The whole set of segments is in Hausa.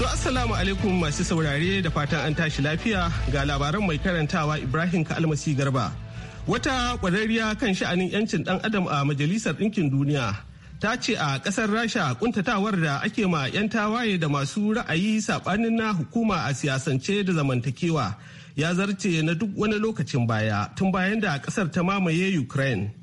To assalamu alaikum masu saurare da fatan an tashi lafiya ga labaran mai karantawa Ibrahim Kalmasi Garba. Wata kwararriya kan sha'anin 'yancin ɗan adam a Majalisar Ɗinkin Duniya ta ce a ƙasar Rasha kuntatawar da ake ma 'yan tawaye da masu ra'ayi saɓanin na hukuma a siyasance da zamantakewa ya zarce na duk wani lokacin baya tun bayan da ƙasar ta mamaye Ukraine.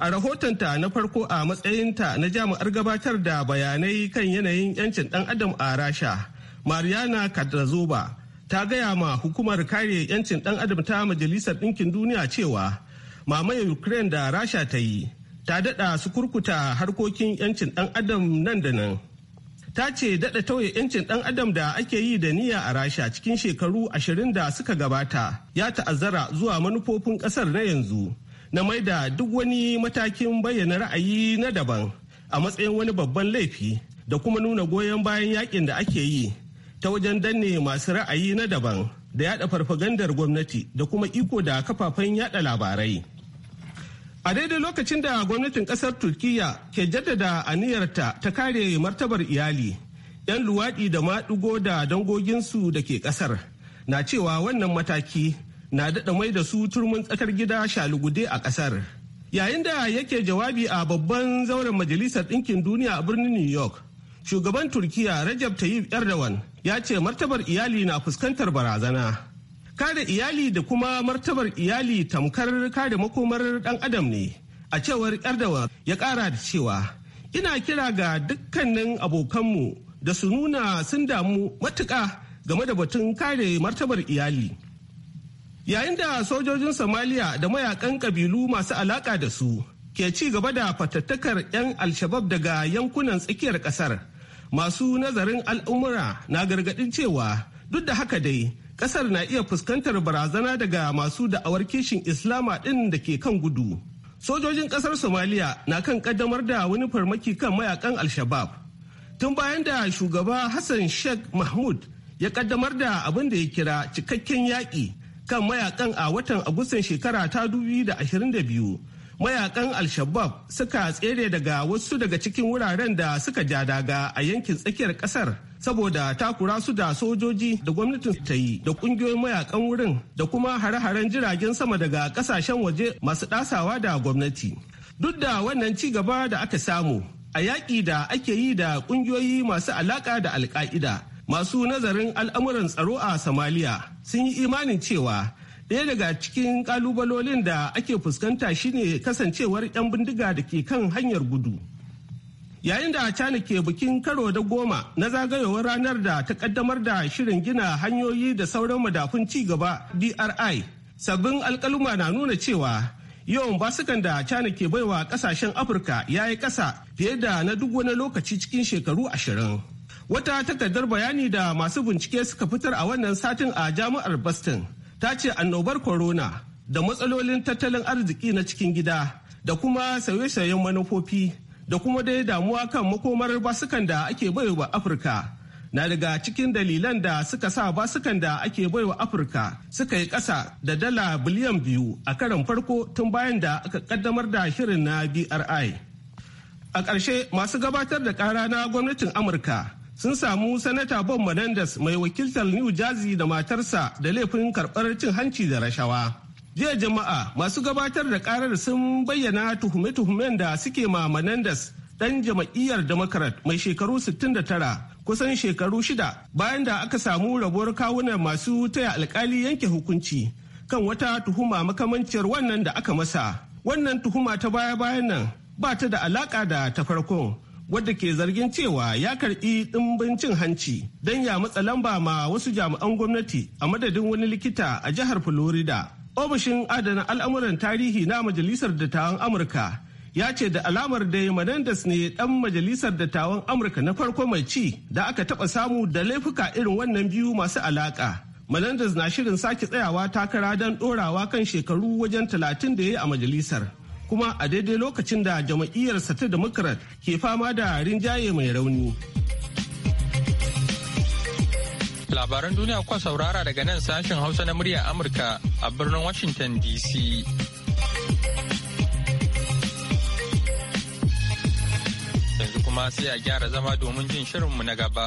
A rahotonta na farko a matsayinta na jami'ar gabatar da bayanai kan yanayin 'yancin ɗan adam a Rasha, Mariana Kadrazoba ta gaya ma hukumar kare 'yancin dan adam ta Majalisar Ɗinkin Duniya cewa mamaye Ukraine da Rasha ta yi ta daɗa su kurkuta harkokin 'yancin dan adam nan da nan. ta ce daɗa tauye 'yancin ɗan adam da ake yi da niyya a rasha cikin shekaru ashirin da suka gabata ya ta'azzara zuwa manufofin ƙasar na yanzu na maida duk wani matakin bayyana ra'ayi na daban a matsayin wani babban laifi da kuma nuna goyon bayan yakin da ake yi ta wajen danne masu ra'ayi na daban da yada farfagandar gwamnati da kuma iko da kafafen yada labarai a daidai lokacin da gwamnatin kasar turkiya ke jaddada aniyarta ta kare martabar iyali 'yan luwaɗi da maɗigo da dangoginsu da ke ƙasar na cewa wannan mataki na daɗa mai da su turmin tsakar gida shalugude a ƙasar. Yayin da yake jawabi a babban zauren Majalisar Ɗinkin Duniya a birnin New York, shugaban Turkiya Rajab Tayyip Erdogan ya ce martabar iyali na fuskantar barazana. Kare iyali da kuma martabar iyali tamkar kare makomar ɗan adam ne, a cewar Erdogan ya kara da cewa, ina kira ga dukkanin abokanmu da su nuna sun damu matuƙa game da batun kare martabar iyali. yayin da sojojin somaliya da mayakan kabilu masu alaka da su ke ci gaba da fatattakar 'yan alshabab daga yankunan tsakiyar kasar masu nazarin al'umura na gargadin cewa duk da haka dai kasar na iya fuskantar barazana daga masu da'awar kishin islama ɗin da ke kan gudu sojojin kasar somaliya na kan kaddamar da wani farmaki kan mayakan alshabab tun bayan da shugaba hassan sheikh mahmud ya kaddamar da abin da ya kira cikakken yaƙi kan mayakan a watan agustan shekara ta 2022 mayakan al-shabab suka tsere daga wasu daga cikin wuraren da suka ja daga a yankin tsakiyar kasar saboda takura su da sojoji da gwamnatin ta yi da kungiyoyin mayakan wurin da kuma hare-haren jiragen sama daga kasashen waje masu dasawa da gwamnati duk da wannan ci gaba da aka samu a yaƙi da ake yi da kungiyoyi masu alaƙa da alƙa'ida masu nazarin al'amuran tsaro a Somalia sun yi imanin cewa ɗaya daga cikin kalubalolin da ake fuskanta shine kasancewar 'yan bindiga da ke kan hanyar gudu. Yayin da cana ke bikin karo da goma na zagayowar ranar da ta kaddamar da shirin gina hanyoyi da sauran madafun ci gaba DRI, sabbin alkaluma na nuna cewa yawan basukan da cana ke baiwa kasashen Afirka ya yi kasa fiye da na duk wani lokaci cikin shekaru ashirin. Wata takardar bayani da masu bincike suka fitar a wannan satin a jami'ar Boston ta ce annobar corona da matsalolin tattalin arziki na cikin gida da kuma sauye-sauyen manufofi da kuma dai damuwa kan makomar basukan da ake baiwa Afirka. na daga cikin dalilan da suka sa basukan da ake baiwa afirka suka yi ƙasa da dala biliyan biyu a karan farko tun bayan da aka kaddamar da shirin na bri a ƙarshe masu gabatar da ƙara na gwamnatin amurka sun samu sanata bob menendez mai wakiltar new jersey da matarsa da laifin karɓar cin hanci da rashawa jiya jama'a masu gabatar da karar sun bayyana tuhume-tuhumen da suke ma menendez dan jama'iyyar democrat mai shekaru 69 kusan shekaru shida bayan da aka samu rabuwar kawunan masu taya alkali yanke hukunci kan wata tuhuma makamanciyar wannan da aka masa wannan tuhuma ta baya-bayan nan ba ta da alaka da ta farkon wadda ke zargin cewa ya karɓi ɗimbin cin hanci don ya matsa lamba ma wasu jami'an gwamnati a madadin wani likita a jihar Florida. Ofishin adana al'amuran tarihi na Majalisar Dattawan Amurka ya ce da alamar da Menendez ne ɗan Majalisar Dattawan Amurka na farko mai ci da aka taɓa samu da laifuka irin wannan biyu masu alaƙa. Menendez na shirin sake tsayawa takara don ɗorawa kan shekaru wajen talatin da ya yi a majalisar. kuma a daidai lokacin da jama'iyyarsa ta democrat ke fama da rinjaye mai rauni labaran duniya kuwa saurara daga nan sashen hausa na murya amurka a birnin washington dc yanzu kuma sai a gyara zama domin jin shirinmu na gaba.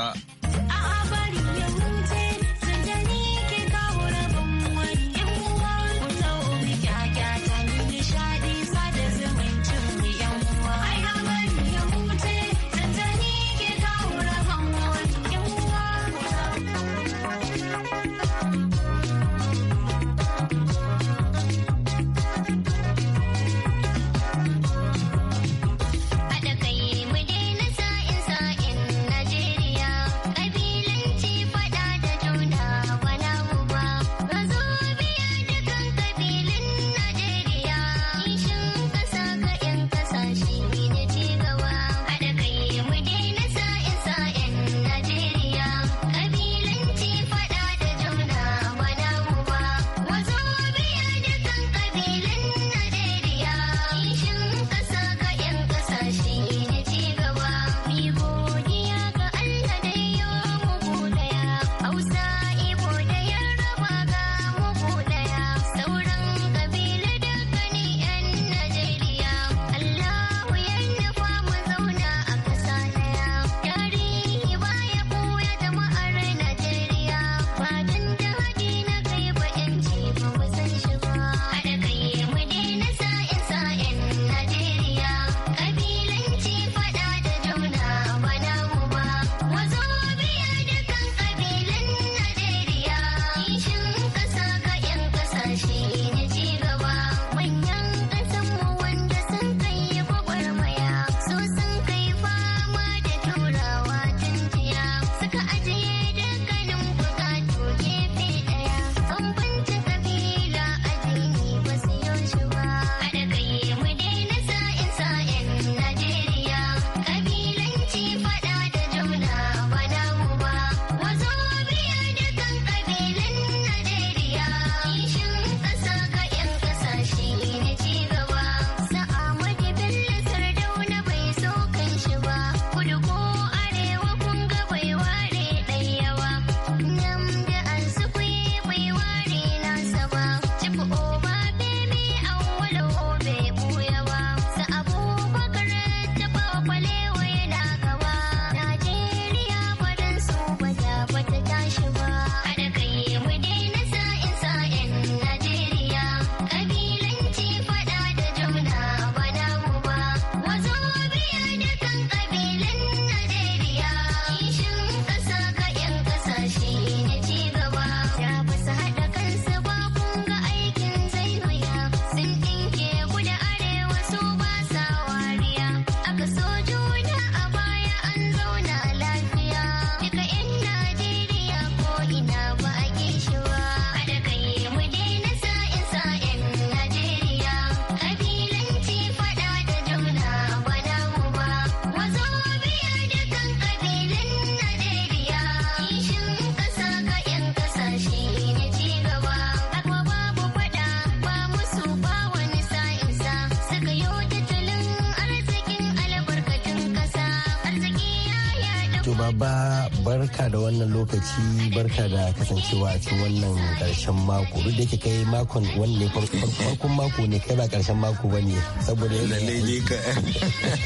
da wannan lokaci barka da kasancewa a cikin wannan karshen mako duk da kai makon wanne farkon mako ne kai ba karshen mako ba ne saboda ne ne ka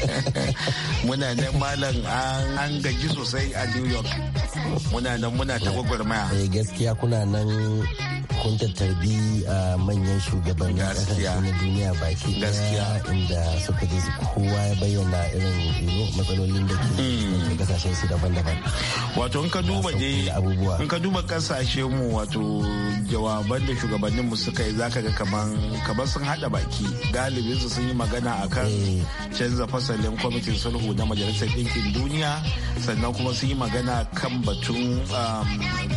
muna nan malam an gaji sosai a new york muna nan muna ta gwagwarmaya eh, gaskiya kuna nan kun tattarbi manyan shugabannin kasashe na duniya baki daya inda suka je kowa ya bayyana irin matsalolin da ke hmm. kasashen su daban-daban wato in ka duba je in ka duba kasashe mu wato jawaban da shugabannin mu suka yi zaka ga kaman kaman sun hada baki galibi su sun yi magana akan eh. canza fasalin kwamitin sulhu na majalisar ɗinkin duniya sannan kuma sun yi magana kan batun um,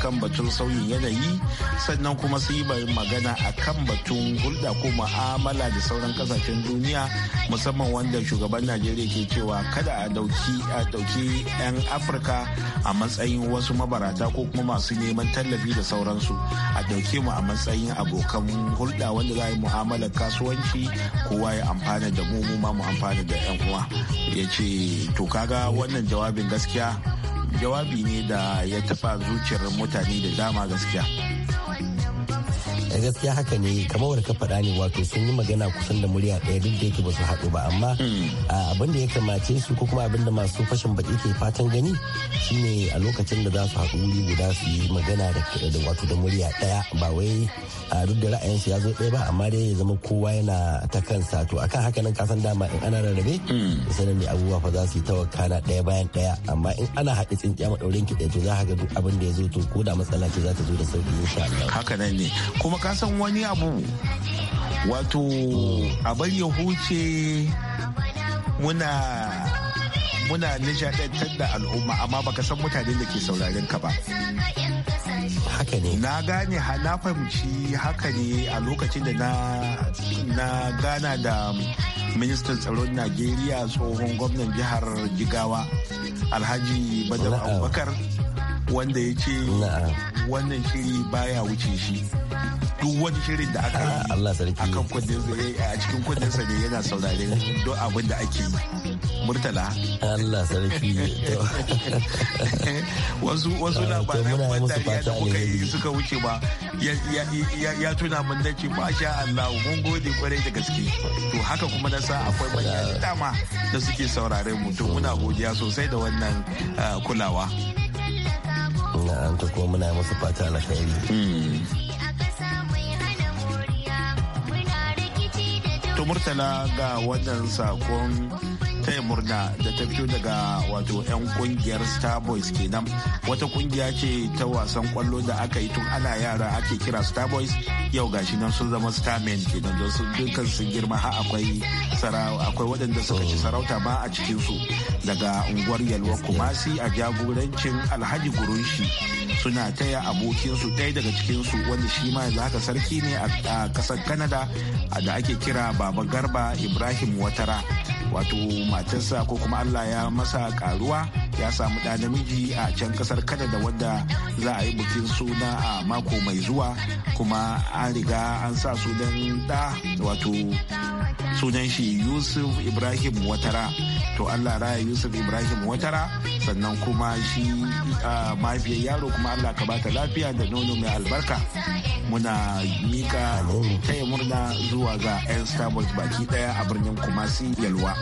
kan batun sauyin yanayi sannan kuma kuma su yi magana a kan batun hulɗa ko mu'amala da sauran kasashen duniya musamman wanda shugaban najeriya ke cewa kada a dauki a dauki 'yan afirka a matsayin wasu mabarata ko kuma masu neman tallafi da sauransu a dauke mu a matsayin abokan hulɗa wanda za a yi mu'amalar kasuwanci kowa ya amfana da mu mu ma mu amfana da 'yan uwa ya ce to kaga wannan jawabin gaskiya jawabi ne da ya taɓa zuciyar mutane da dama gaskiya da gaskiya haka ne kamar ka faɗa ne wato sun yi magana kusan da murya ɗaya duk da yake ba su haɗu ba amma abin da ya kamace su ko kuma abin da masu fashin baki ke fatan gani shine a lokacin da za su haɗu wuri guda su yi magana da wato da murya ɗaya ba wai duk da ra'ayinsu ya zo ɗaya ba amma dai ya zama kowa yana ta kansa to akan haka nan kasan dama in ana rarrabe hmm. sanin ne abubuwa fa za su yi tawakkala ɗaya bayan ɗaya amma in ana haɗe tsintsiya maɗaurin ki ɗaya to za ka ga duk abin da ya zo to ko da matsala ce za ta zo da sauƙi insha Allah haka ne kuma ka san wani abu wato abin ya huce muna muna nishadantar da al'umma amma baka san mutanen da ke sauraren ka ba haka ne na gane na fahimci haka ne a lokacin da na gana da ministan tsaron najeriya tsohon gwamnan jihar jigawa alhaji badar abubakar wanda ya ce wannan shiri baya wuce shi duk wani shirin da aka yi akan kundin eh, a cikin kudin sa ne yana saurare don abin da ake yi murtala Allah sarki wasu wasu ah, labaran bandariya da kuka yi suka wuce ba ya tuna mun da ce masha Allah mun gode kwarai da gaske to haka kuma na sa akwai manyan dama da suke saurare mu to muna godiya sosai da wannan ah, kulawa an ta ko muna musu fata alkhairi hmm. wato murtala ga wannan sakon taya murna da ta fito daga wato 'yan kungiyar starboys kenan wata kungiya ce ta wasan kwallo da aka yi tun ana yara ake kira boys yau gashi nan sun zama starmen kenan don sun dukkan sun girma ha akwai akwai waɗanda suka ci sarauta ba a cikinsu daga unguwar yalwa kumasi a jagorancin alhaji gurunshi suna taya abokinsu ɗaya daga cikin su wanda shi ma yanzu haka sarki ne a ƙasar canada da ake kira baba garba ibrahim watara wato matarsa ko kuma allah ya masa karuwa ya samu ɗa namiji a can kasar kanada wadda za a yi bikin suna a mako mai zuwa kuma an riga an sa sunan ɗa wato sunan shi yusuf ibrahim watara to allah raya yusuf ibrahim watara sannan kuma shi mafiyar yaro kuma allah ka bata lafiya da nono mai albarka muna mika taya murna zuwa ga 'yan starbucks baki daya a birnin kumasi yalwa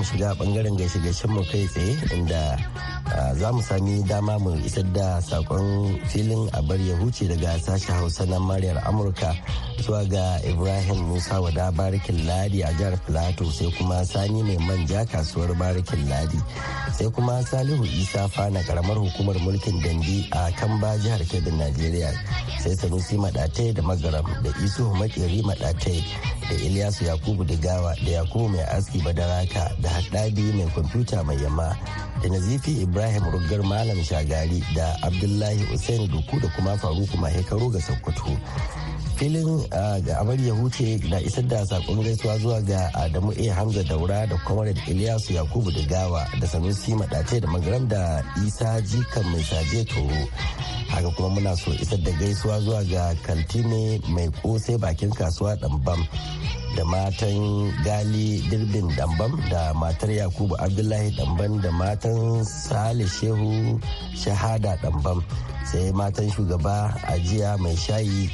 mu shiga bangaren gaishe-gaishen mu kai tsaye inda za mu sami dama mu isar da sakon filin a bar ya huce daga sashen hausa na mariyar amurka gaisuwa ga Ibrahim Musa wada barikin ladi a jihar Plateau sai kuma Sani mai manja kasuwar barikin ladi sai kuma Salihu Isa fana karamar hukumar mulkin dandi a Kamba jihar Kebbi Najeriya sai Sanusi Madate da Magaram da Isu Makeri Madate da Ilyasu Yakubu Digawa da Yakubu mai aski badaraka da Haddadi mai kwamfuta mai yamma da Nazifi Ibrahim Rugar Malam Shagari da Abdullahi Usaini Duku da kuma Faruku Mahekaru ga Sokoto. filin abar ya huce na isar da sakon gaisuwa zuwa ga adamu a hamza daura da da iliyasu yakubu da gawa da sanusi madace da magaram da isa jikan mai saje toro haka kuma muna so isar da gaisuwa zuwa ga kantine mai kosai bakin kasuwa dambam da matan gali dirbin dambam da matar yakubu abdullahi dambam da matan sale shehu shahada dambam sai matan shugaba ajiya mai shayi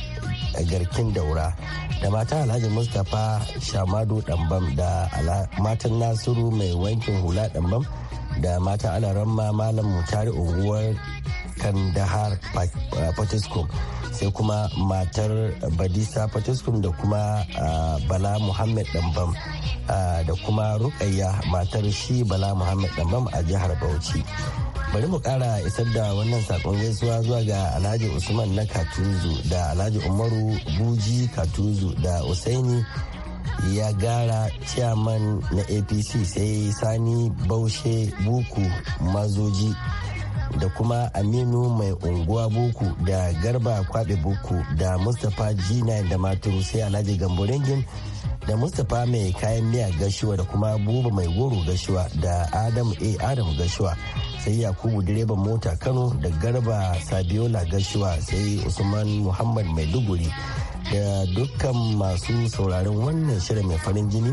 garkin daura da mata alhaji mustapha shamadu dambam da matan nasiru mai wankin hula dambam da matan alaramma malam mutari unguwar kandahar uh, potiskum sai kuma matar badisa potiskum da kuma uh, bala muhammad dambam uh, da kuma rukayya matar shi bala muhammad dambam a jihar bauchi bari mu kara isar da wannan sakon gaisuwa zuwa ga alhaji usman na katuzu da alhaji umaru buji katuzu da usaini ya gara chairman na apc sai sani baushe buku mazoji da kuma aminu mai unguwa buku da garba kwabe buku da mustapha g9 da maturu sai alhaji gambo da mustapha mai kayan miya gashuwa da kuma buba mai goro gashuwa da adam a adam gashuwa sai yakubu direban mota kano da garba sabiola gashuwa sai usman muhammad maiduguri da dukkan masu sauraron wannan shirin mai farin jini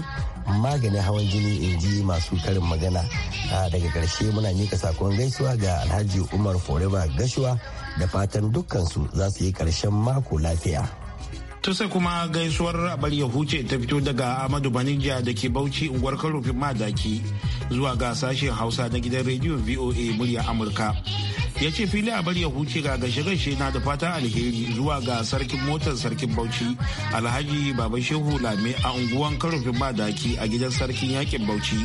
maganin hawan jini in ji masu karin magana daga ƙarshe muna mika sakon gaisuwa ga alhaji umar forever gashuwa da fatan dukkansu za su yi ƙarshen mako lafiya. tusa kuma gaisuwar rabar ya huce ta fito daga amadu banija da ke bauchi unguwar karofin madaki zuwa ga sashen hausa na gidan rediyon voa murya amurka ya ce fili a bari ya huce ga gashe-gashe na da fatan alheri zuwa ga sarkin motar sarkin bauchi alhaji baba shehu lame a unguwan karfin badaki a gidan sarkin yakin bauchi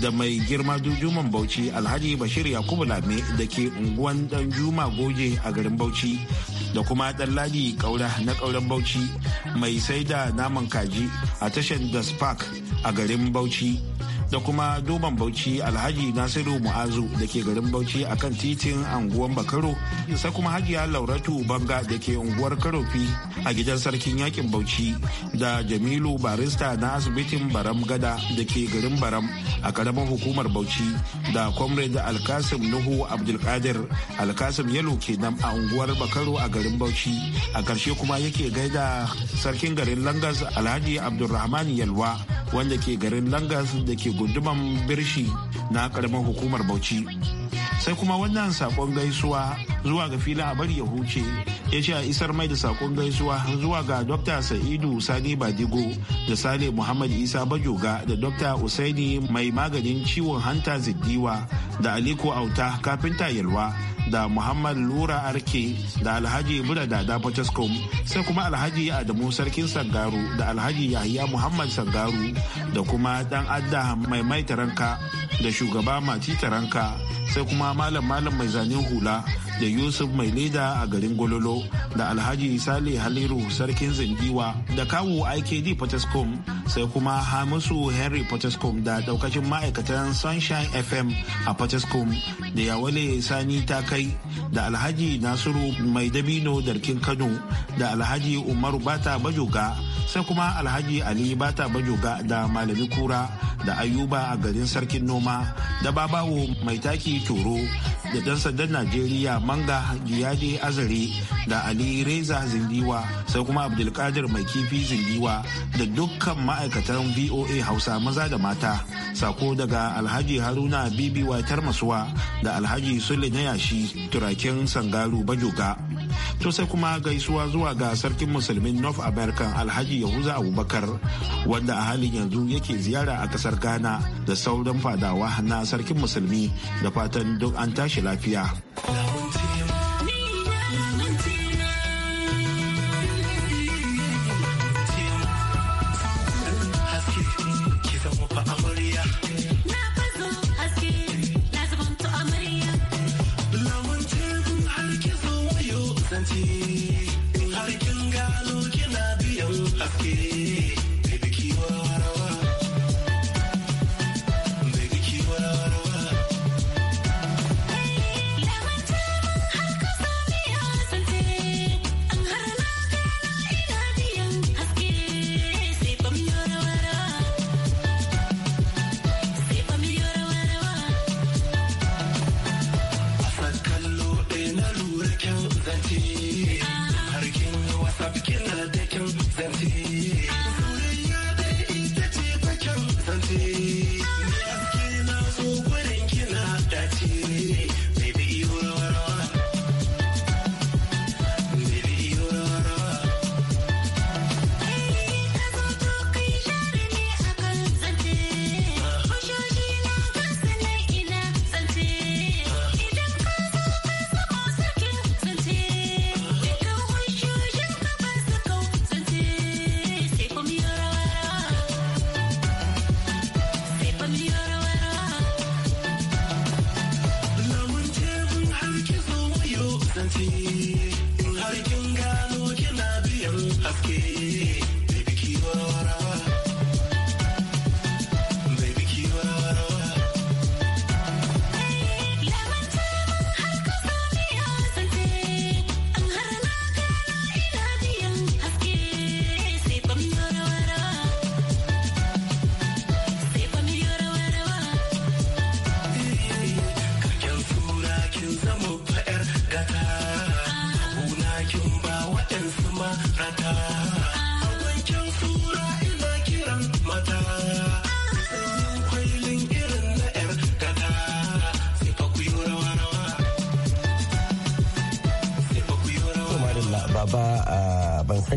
da mai girma dujuman bauchi alhaji bashir yakubu lame da ke unguwan dan juma goje a garin bauchi da kuma dan ladi kaura na kauran bauchi mai saida naman kaji a tashar da spark a garin bauchi da kuma duban bauchi alhaji nasiru mu'azu da ke garin bauchi a kan titin anguwan bakaro isa kuma hajiya lauratu banga da ke unguwar karofi a gidan sarkin yakin bauchi da jamilu barista na asibitin baram gada da ke garin baram a karamar hukumar bauchi da comrade alkasim nuhu abdulkadir alkasim yalo kenan a unguwar bakaro a garin bauchi a karshe kuma yake gaida sarkin garin langas alhaji abdulrahman yalwa wanda ke garin langas da ke gunduman birshi na karamar hukumar bauchi sai kuma wannan sakon gaisuwa zuwa ga fila a bari ya huce ya ce a isar mai da sakon gaisuwa zuwa ga dr sa'idu sani badigo da sale muhammad isa bajoga da dr usaini mai maganin ciwon hanta ziddiwa da aliko auta kafinta yalwa da muhammad lura arke da alhaji burada da potoskom sai kuma alhaji adamu sarkin sangaru da alhaji yahya muhammad sangaru da kuma dan adda mai maitaranka da shugaba mati taranka sai kuma malam malam mai zanen hula da yusuf mai leda a garin gololo da alhaji sale haliru sarkin zingiwa da kawu ikd potescom sai kuma hamisu henry potescom da daukacin ma'aikatan sunshine fm a potescom da yawale sani ta kai da alhaji nasiru mai dabino darkin kano da alhaji umaru bata bajoga sai kuma alhaji ali bata bajoga da malami kura da ayuba a garin sarkin noma noma da babawo mai taki toro da ɗan sandan najeriya manga giyade azare da ali reza zindiwa sai kuma abdulkadir mai kifi zindiwa da dukkan ma'aikatan voa hausa maza da mata sako daga alhaji haruna bibi watar masuwa da alhaji sule na yashi turakin sangaru bajoga to sai kuma gaisuwa zuwa ga sarkin musulmin north america alhaji yahuza abubakar wanda a halin yanzu yake ziyara a kasar ghana da sauran fada karawa na sarkin musulmi da fatan duk an tashi lafiya.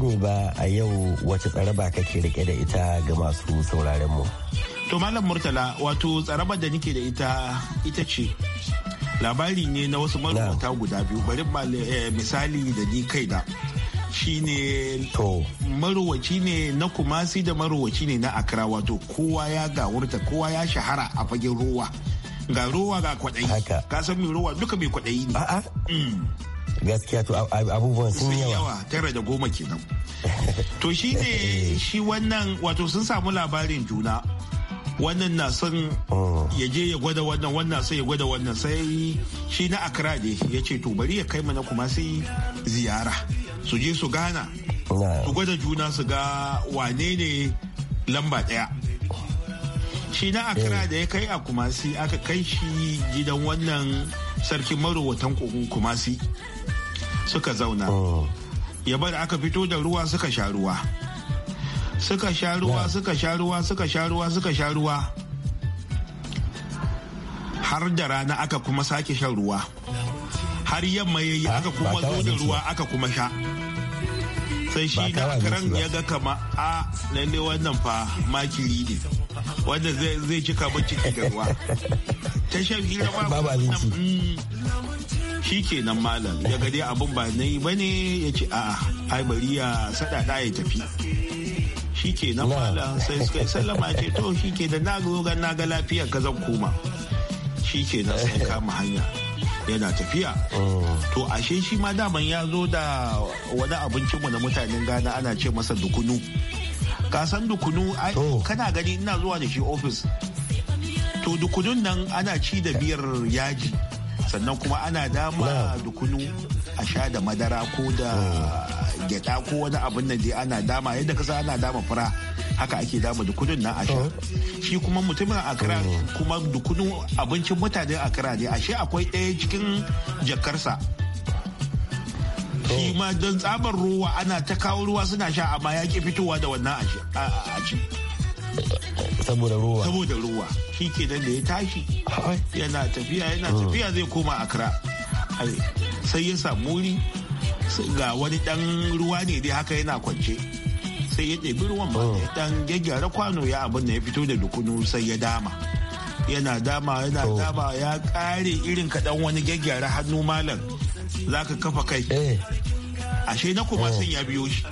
sani ba a yau wace tsaraba kake rike da ita ga masu sauraren mu. To Malam Murtala wato tsarabar da nake da ita ita ce labari ne na wasu marubuta guda biyu bari eh, misali da ni kai kaina shine maruwaci ne na kumasi da maruwaci ne na akra wato kowa ya gawurta kowa ya shahara a fagen ruwa ga ruwa ga kwaɗayi ka san mai ruwa duka mai kwaɗayi ne mm. gaskiya to abubuwan sun yawa tara da goma kenan to shi ne eh. shi wannan wato sun samu labarin juna wannan na son oh. ya je ya gwada wannan wannan sai ya gwada wannan sai shi na akra ne ya ce to bari ya kai mana kuma sai ziyara su je su gana su gwada juna su ga wane ne lamba daya shi na akra eh. da ya kai a kumasi aka kai shi gidan wannan sarkin marowatan kumasi suka zauna oh. ya bar aka fito da ruwa suka sha ruwa suka sha ruwa suka sha ruwa suka sha ruwa suka sha ruwa har da rana aka kuma sake shan ruwa har yamma ya yi aka kuma zo da ruwa aka kuma sha sai shi da karan ya ga kama a lalle wannan fa makiri ne wanda zai cika ciki da ruwa ta shan hira ba shi nan malam ya gade abin ba na yi bane ya ce a'a ai bari ya sadada ya tafi shi nan malam sai suka yi sallama ce to shi da na ga na ga lafiyar ka zan koma shi nan sai eh. kama hanya yana tafiya oh. to ashe shi ma daman ya zo da wani abincinmu na mutanen gana ana ce masa dukunu ka san dukunu kana gani ina zuwa da shi ofis to dukunun nan ana ci da biyar yaji sannan kuma ana dama dukunu a sha da madara ko da gyada ko wani abin da dai ana dama yadda kasa ana dama fura haka ake dama dukunun na a sha. Oh. shi kuma mutumin kira oh. kuma dukunu abincin mutanen akra ne ashe akwai ɗaya cikin jakarsa shi oh. ma don tsabar ruwa ana ta kawo ruwa suna sha amma ya ke fitowa da wannan a ce. saboda ruwa saboda ruwa shi ke da ya tashi yana tafiya yana mm. tafiya zai koma akra sai ya samu wuri ga wani dan ruwa ne dai haka yana kwance sai ya ɗebi ruwan ba mm. ya dan gyaggyara kwano ya abin da ya fito da dukunu sai ya dama yana dama yana dama ya kare irin kaɗan wani gyaggyara hannu malam zaka kafa kai eh. ashe na kuma mm. sun ya biyo shi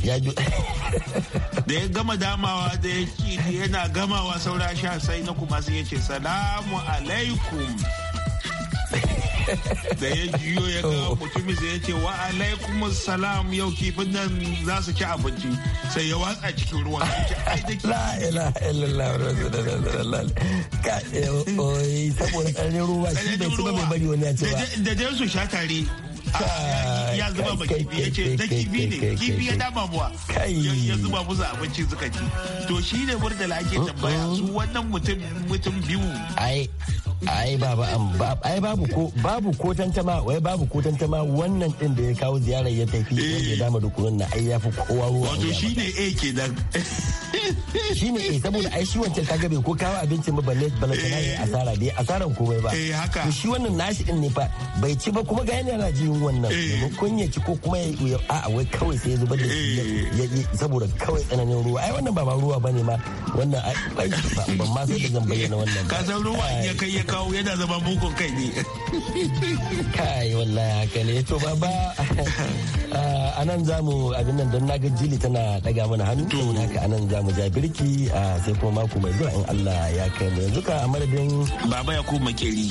da ya gama damawa da ya ci yana gamawa saura sha sai na kuma sai ya ce salamu alaikum da ya jiyo ya ga oh. mutumin sai ya ce wa alaikum salam yau kifin nan za su ci abinci sai ya watsa cikin ruwan la ilaha illallah rasulullah ka eh, oyi oh, eh, saboda ruwa shi da ci ba bai bari wani ya ce ba da dai su sha tare ya zuba ba ya ce ta ne ya dama ya zuba musu abinci suka ci to shi ne ake tambaya su wannan mutum mutum biyu ai ai babu ai babu ko babu ko tantama wai babu ko tantama wannan din da ya kawo ziyarar ya tafi eh. dama ai ya fi kowa ruwa wato shi ne a kenan shi ne saboda ai shi wancan ko kawo abincin ba balle balle kana eh. asara asaran komai ba eh haka shi wannan nashi din ne fa bai ci ba kuma ga yana jiyo wannan eh. maimakon ya ci ko kuma ya a wai kawai sai ya zubar da shi eh. saboda kawai tsananin ruwa ai wannan ba ma ruwa bane ma wannan ai ban ma sai da zan bayyana wannan ka san ruwa ya kai ya kawo yana zama mugun kai ne kai wallahi haka ne to baba a nan za mu abin nan don naga jili tana daga mana hannu to haka a nan za mu ja birki sai kuma mako mai zuwa in Allah ya kai mu yanzu ka a madadin baba ya ku makeri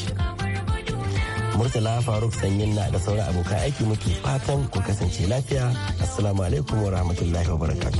Murtala Faruk Sanyin na da sauran abokan aiki muke fatan ku kasance lafiya. Assalamu alaikum wa rahmatullahi wa barakatuh.